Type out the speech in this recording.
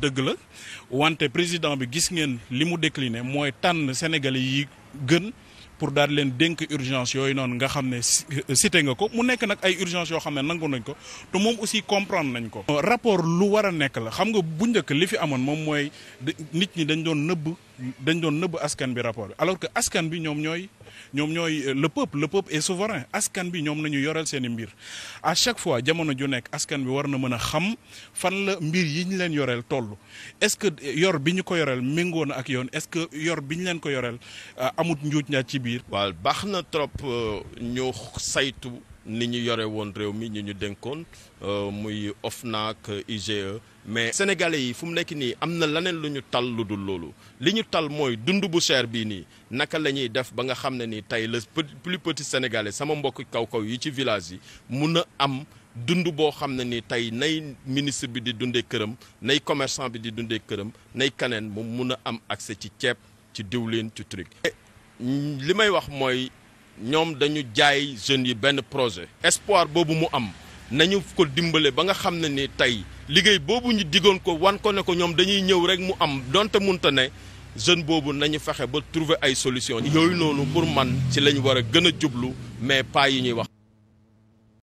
dëgg la wante président bi gis ngeen li mu décliner mooy tànn sénégalais yi gën pour daal leen dénk urgence yooyu noonu nga xam ne euh, cité nga ko mu nekk nag ay urgence yoo xam ne nangu nañ ko te moom aussi comprendre nañ ko rapport lu war a nekk la xam nga bu njëkk li fi amoon moom mooy nit ñi dañ doon nëbb dañ doon nëbb askan bi rapport bi alors que askan bi ñoom ñooy ñoom ñooy euh, le peuple le peuple souverain askan bi ñoom nañu yoreel seen i mbir à chaque fois jamono ju nekk askan bi war na mën a xam fan la mbir yi ñu leen yoreel toll est-ce que euh, yor bi ñu ko yoreel méngoo ak yoon est-ce que yor bi ñu leen ko yoreel euh, amut njuuj njaaj ci biir. waaw baax na trop ñu saytu. ni ñu yore woon réew mi ñu ñu dénkoon euh, muy OFNAC IGE mais sénégalais yi fu mu nekk nii am na leneen lu ñu tal lu dul loolu li ñu tal mooy dund bu cher bii nii naka la ñuy def ba nga xam ne nii tey le plus petit sénégalais sama mbokk kaw-kaw yi ci village yi mun a am dund boo xam ne ni tey nay ministre bi di dundee këram nay commerçant bi di dundee këram nay kaneen moom mun a am accès ci ceeb ci diwlin ci truc mm, li may wax mooy ñoom dañu jaay jeunes yi benn projet espoir boobu mu am nañu ko dimbale ba nga xam ne ni tey liggéey boobu ñu digoon ko wan ko ne ko ñoom dañuy ñëw rek mu am donte munta ne jeune boobu nañu fexe ba trouver ay solution yooyu noonu pour man ci lañu war a gën a jublu mais pas yi ñuy wax